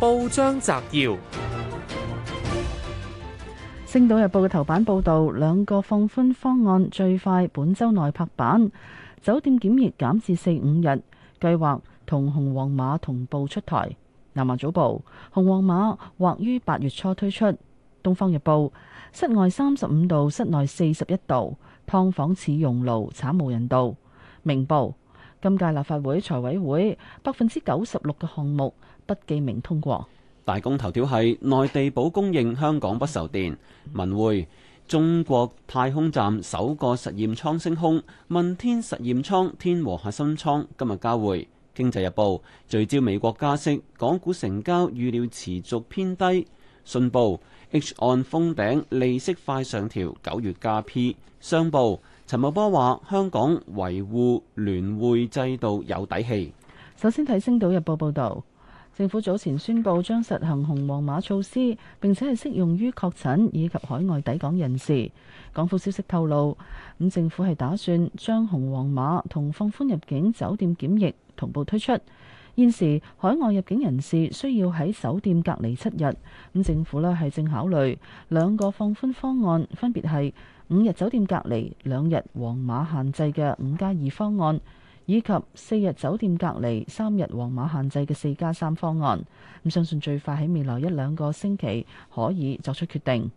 報章摘要：《星島日報》嘅頭版報道，兩個放寬方案最快本周內拍板，酒店檢疫減至四五日，計劃同紅黃碼同步出台。南華早報：紅黃碼或於八月初推出。《東方日報》：室外三十五度，室內四十一度，劏房似熔爐，慘無人道。《明報》今屆立法會財委會百分之九十六嘅項目不記名通過。大公頭條係內地保供應香港不愁電。文匯中國太空站首個實驗艙升空。問天實驗艙、天和核心艙今日交匯。經濟日報聚焦美國加息，港股成交預料持續偏低。信報 H 按封頂，利息快上調，九月加 P。商報陳茂波話：香港維護聯匯制度有底氣。首先睇《星島日報》報導，政府早前宣布將實行紅黃碼措施，並且係適用於確診以及海外抵港人士。港府消息透露，咁政府係打算將紅黃碼同放寬入境酒店檢疫同步推出。現時海外入境人士需要喺酒店隔離七日，咁政府呢係正考慮兩個放寬方案，分別係，五日酒店隔離兩日黃碼限制嘅五加二方案，以及四日酒店隔離三日黃碼限制嘅四加三方案，咁相信最快喺未來一兩個星期可以作出決定。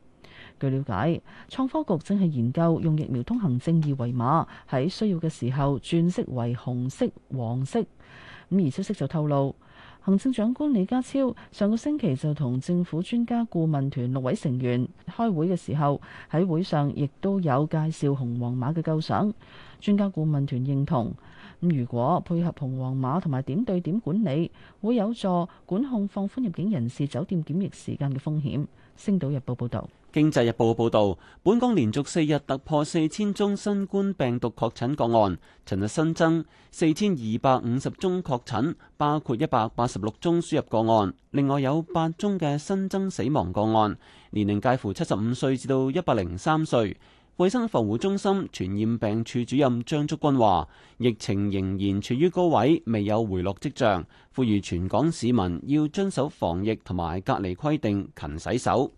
據了解，創科局正係研究用疫苗通行證二維碼喺需要嘅時候轉色為紅色、黃色。咁而消息就透露。行政長官李家超上個星期就同政府專家顧問團六位成員開會嘅時候，喺會上亦都有介紹紅黃碼嘅構想。專家顧問團認同咁，如果配合紅黃碼同埋點對點管理，會有助管控放寬入境人士酒店檢疫時間嘅風險。星島日報報道。經濟日報報道，本港連續四日突破四千宗新冠病毒確診個案，尋日新增四千二百五十宗確診，包括一百八十六宗輸入個案，另外有八宗嘅新增死亡個案，年齡介乎七十五歲至到一百零三歲。衛生防護中心傳染病處主任張竹君話，疫情仍然處於高位，未有回落跡象，呼籲全港市民要遵守防疫同埋隔離規定，勤洗手。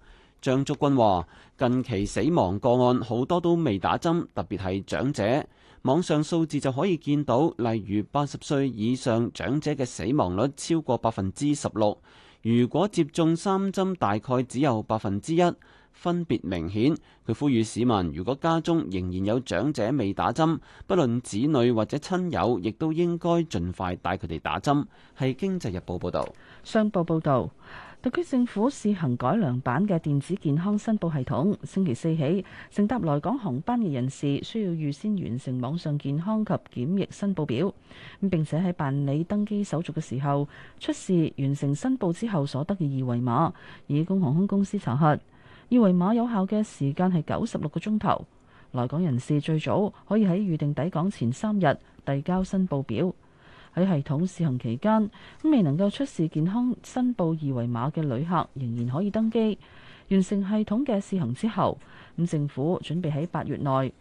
張竹君話：近期死亡個案好多都未打針，特別係長者。網上數字就可以見到，例如八十歲以上長者嘅死亡率超過百分之十六。如果接種三針，大概只有百分之一，分別明顯。佢呼籲市民，如果家中仍然有長者未打針，不論子女或者親友，亦都應該盡快帶佢哋打針。係《經濟日報》報道，《商報》報道。特區政府試行改良版嘅電子健康申報系統，星期四起，乘搭來港航班嘅人士需要預先完成網上健康及檢疫申報表，咁並且喺辦理登機手續嘅時候，出示完成申報之後所得嘅二維碼，以供航空公司查核。二維碼有效嘅時間係九十六個鐘頭。來港人士最早可以喺預定抵港前三日遞交申報表。喺系統試行期間，未能夠出示健康申報二維碼嘅旅客仍然可以登機。完成系統嘅試行之後，咁政府準備喺八月內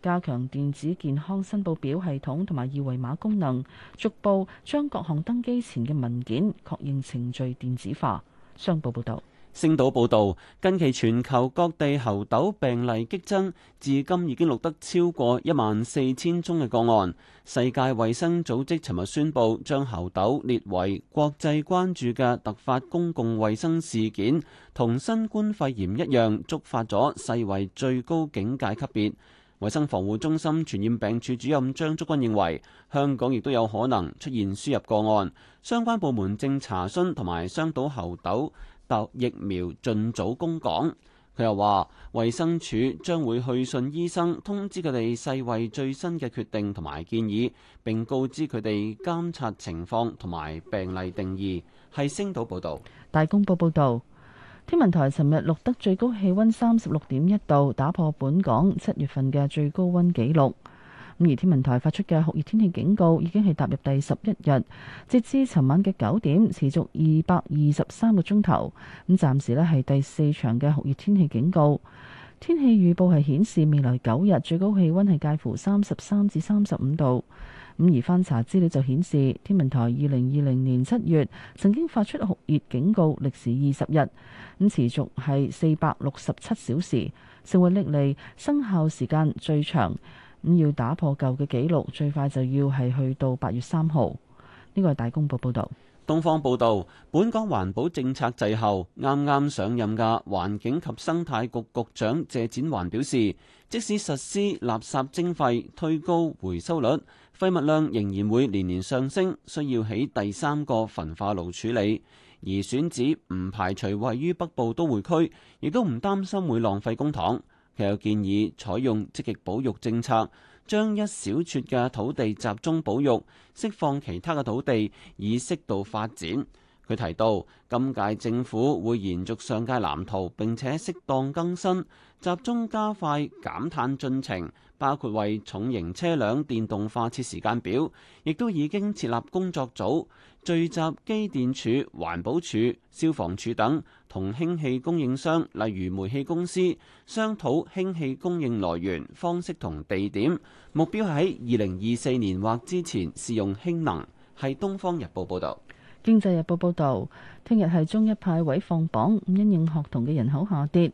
加強電子健康申報表系統同埋二維碼功能，逐步將各項登機前嘅文件確認程序電子化。商報報道。星島報道，近期全球各地猴痘病例激增，至今已經錄得超過一萬四千宗嘅個案。世界衛生組織尋日宣布，將猴痘列為國際關注嘅突發公共衛生事件，同新冠肺炎一樣，觸發咗世衛最高警戒級別。衛生防護中心傳染病處主任張竹君認為，香港亦都有可能出現輸入個案，相關部門正查詢同埋商討猴痘，打疫苗盡早供港。佢又話，衛生署將會去信醫生，通知佢哋世衛最新嘅決定同埋建議，並告知佢哋監察情況同埋病例定義，係星島報道，大公報報道，天文台尋日錄得最高氣温三十六點一度，打破本港七月份嘅最高温紀錄。而天文台發出嘅酷熱天氣警告已經係踏入第十一日，截至尋晚嘅九點，持續二百二十三個鐘頭。咁暫時咧係第四長嘅酷熱天氣警告。天氣預報係顯示未來九日最高氣溫係介乎三十三至三十五度。咁而翻查資料就顯示，天文台二零二零年七月曾經發出酷熱警告，歷時二十日，咁持續係四百六十七小時，成為歷嚟生效時間最長。咁要打破舊嘅紀錄，最快就要係去到八月三號。呢個係大公報報導。東方報道，本港環保政策滯後，啱啱上任嘅環境及生態局局長謝展環表示，即使實施垃圾徵費，推高回收率，廢物量仍然會年年上升，需要起第三個焚化爐處理。而選址唔排除位於北部都會區，亦都唔擔心會浪費公帑。佢又建議採用積極保育政策，將一小撮嘅土地集中保育，釋放其他嘅土地以適度發展。佢提到，今屆政府會延續上屆藍圖，並且適當更新，集中加快減碳進程，包括為重型車輛電動化設時間表，亦都已經設立工作組，聚集機電處、環保處、消防處等，同氫氣供應商，例如煤氣公司，商討氫氣供應來源方式同地點，目標喺二零二四年或之前試用氫能。係東方日報報道。經濟日報報導，聽日係中一派位放榜，因應學童嘅人口下跌，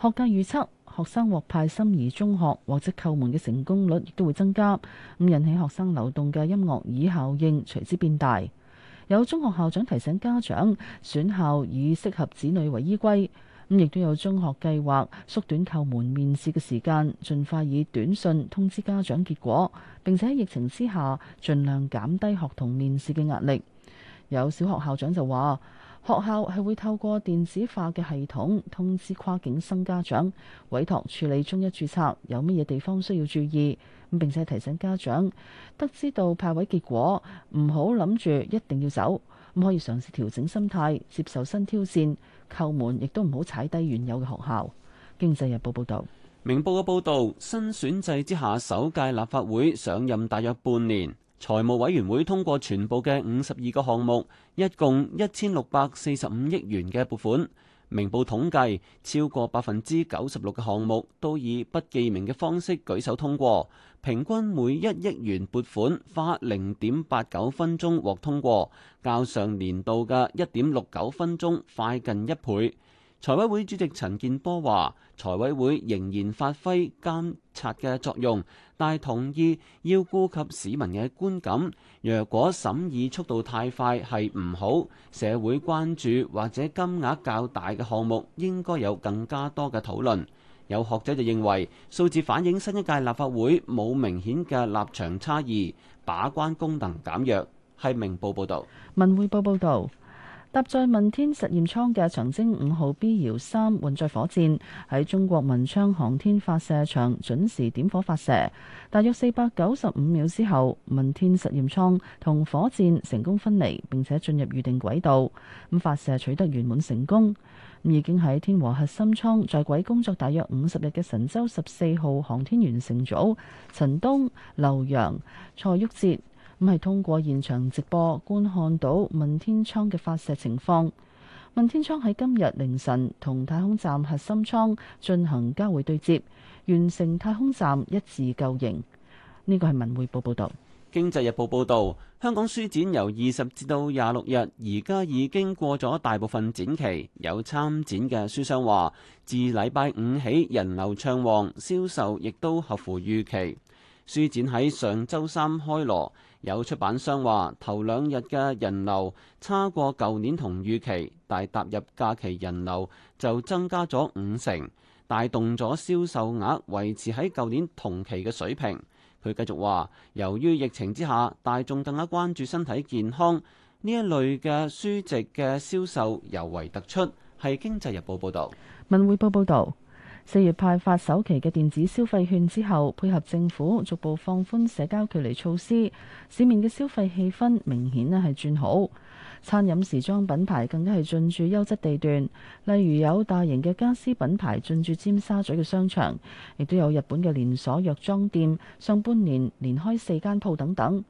學界預測學生獲派心儀中學或者扣門嘅成功率亦都會增加，咁引起學生流動嘅音樂椅效應隨之變大。有中學校長提醒家長選校以適合子女為依歸，咁亦都有中學計劃縮短扣門面試嘅時間，盡快以短信通知家長結果。並且喺疫情之下，盡量減低學童面試嘅壓力。有小學校長就話，學校係會透過電子化嘅系統通知跨境生家長，委託處理中一註冊有乜嘢地方需要注意，咁並且提醒家長，得知到派位結果，唔好諗住一定要走，咁可以嘗試調整心態，接受新挑戰，叩門亦都唔好踩低原有嘅學校。經濟日報報道，明報嘅報道，新選制之下，首屆立法會上任大約半年。財務委員會通過全部嘅五十二個項目，一共一千六百四十五億元嘅撥款。明報統計，超過百分之九十六嘅項目都以不記名嘅方式舉手通過，平均每一億元撥款花零點八九分鐘獲通過，較上年度嘅一點六九分鐘快近一倍。財委會主席陳建波話，財委會仍然發揮監察嘅作用，但係同意要顧及市民嘅觀感。若果審議速度太快係唔好，社會關注或者金額較大嘅項目，應該有更加多嘅討論。有學者就認為，數字反映新一屆立法會冇明顯嘅立場差異，把關功能減弱。係明報報道，文匯報報道。搭載問天實驗艙嘅長征五號 B 遙三運載火箭喺中國文昌航天發射場準時點火發射，大約四百九十五秒之後，問天實驗艙同火箭成功分離，並且進入預定軌道，咁發射取得圓滿成功。已經喺天和核心艙在軌工作大約五十日嘅神舟十四號航天員乘組陳冬、劉洋、蔡旭哲，咁係通過現場直播觀看到問天艙嘅發射情況。問天艙喺今日凌晨同太空站核心艙進行交會對接，完成太空站一字構型。呢個係文匯報報道，《經濟日報》報道，香港書展由二十至到廿六日，而家已經過咗大部分展期。有參展嘅書商話，自禮拜五起人流暢旺，銷售亦都合乎預期。書展喺上周三開鑼。有出版商話：頭兩日嘅人流差過舊年同預期，但踏入假期人流就增加咗五成，帶動咗銷售額，維持喺舊年同期嘅水平。佢繼續話：由於疫情之下，大眾更加關注身體健康，呢一類嘅書籍嘅銷售尤為突出。係《經濟日報》報導，文匯報報道《文匯報》報導。四月派發首期嘅電子消費券之後，配合政府逐步放寬社交距離措施，市面嘅消費氣氛明顯咧係轉好。餐飲時裝品牌更加係進駐優質地段，例如有大型嘅家私品牌進駐尖沙咀嘅商場，亦都有日本嘅連鎖藥妝店，上半年連開四間鋪等等。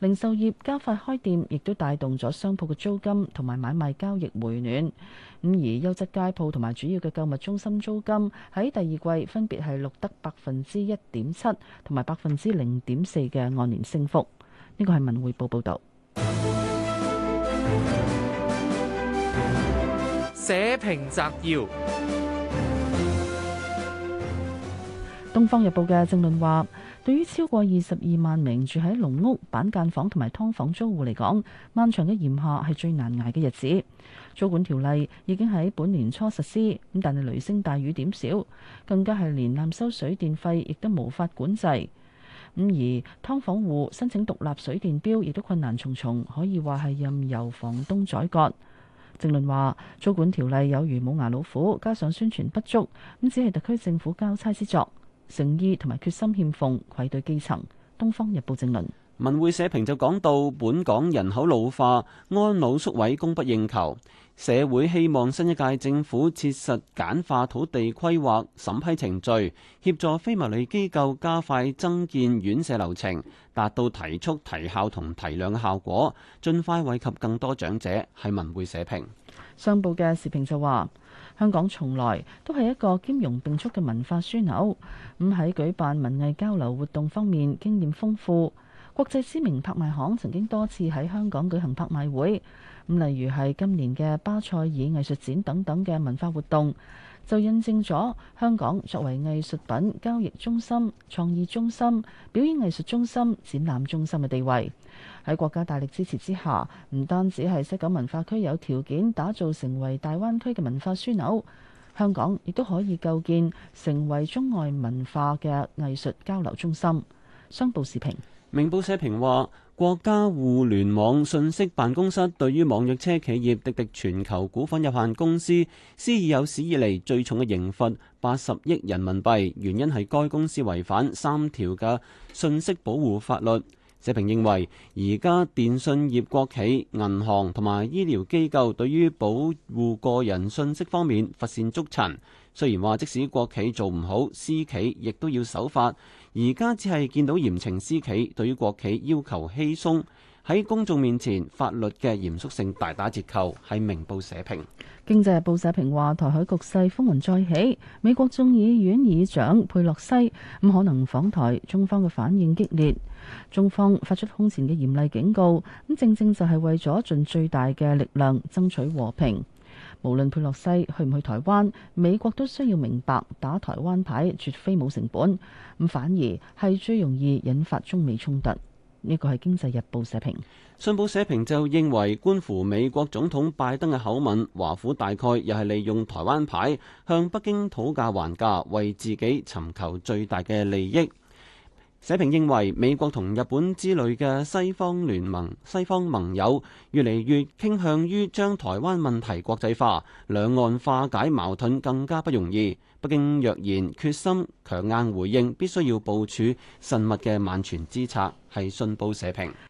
零售業加快開店，亦都帶動咗商鋪嘅租金同埋買賣交易回暖。咁而優質街鋪同埋主要嘅購物中心租金喺第二季分別係錄得百分之一點七同埋百分之零點四嘅按年升幅。呢個係文匯報報道。社評摘要，《東方日報》嘅正論話。對於超過二十二萬名住喺籠屋、板間房同埋劏房租戶嚟講，漫長嘅炎夏係最難捱嘅日子。租管條例已經喺本年初實施，咁但係雷聲大雨點小，更加係連濫收水電費亦都無法管制。咁而劏房戶申請獨立水電表亦都困難重重，可以話係任由房東宰割。正論話租管條例有如冇牙老虎，加上宣傳不足，咁只係特區政府交差之作。誠意同埋決心欠奉，愧對基層。《東方日報》正論。文匯社評就講到，本港人口老化，安老宿位供不應求，社會希望新一屆政府切實簡化土地規劃審批程序，協助非牟利機構加快增建院舍流程，達到提速、提效同提量嘅效果，盡快惠及更多長者。係文匯社評，商報嘅時評就話。香港從來都係一個兼容並蓄嘅文化樞紐，咁喺舉辦文藝交流活動方面經驗豐富。國際知名拍賣行曾經多次喺香港舉行拍賣會，咁例如係今年嘅巴塞爾藝術展等等嘅文化活動，就印證咗香港作為藝術品交易中心、創意中心、表演藝術中心、展覽中心嘅地位。喺國家大力支持之下，唔單止係西九文化區有條件打造成為大灣區嘅文化樞紐，香港亦都可以構建成為中外文化嘅藝術交流中心。商報時評，明報社評話。國家互聯網信息辦公室對於網約車企業滴滴全球股份有限公司施以有史以來最重嘅刑罰八十億人民幣，原因係該公司違反三條嘅信息保護法律。社評認為，而家電信業國企、銀行同埋醫療機構對於保護個人信息方面，乏善足陳。雖然話即使國企做唔好，私企亦都要守法。而家只係見到嚴懲私企對於國企要求稀鬆，喺公眾面前法律嘅嚴肅性大打折扣，係明報社評。《經濟日報》社評話：台海局勢風雲再起，美國眾議院議長佩洛西咁可能訪台，中方嘅反應激烈，中方發出空前嘅嚴厲警告，咁正正就係為咗盡最大嘅力量爭取和平。無論佩洛西去唔去台灣，美國都需要明白打台灣牌絕非冇成本，咁反而係最容易引發中美衝突。呢個係《經濟日報》社評，《信報》社評就認為，觀乎美國總統拜登嘅口吻，華府大概又係利用台灣牌向北京討價還價，為自己尋求最大嘅利益。社評認為，美國同日本之類嘅西方聯盟、西方盟友，越嚟越傾向於將台灣問題國際化，兩岸化解矛盾更加不容易。北京若然決心強硬回應，必須要部署慎密嘅萬全之策。係信報社評。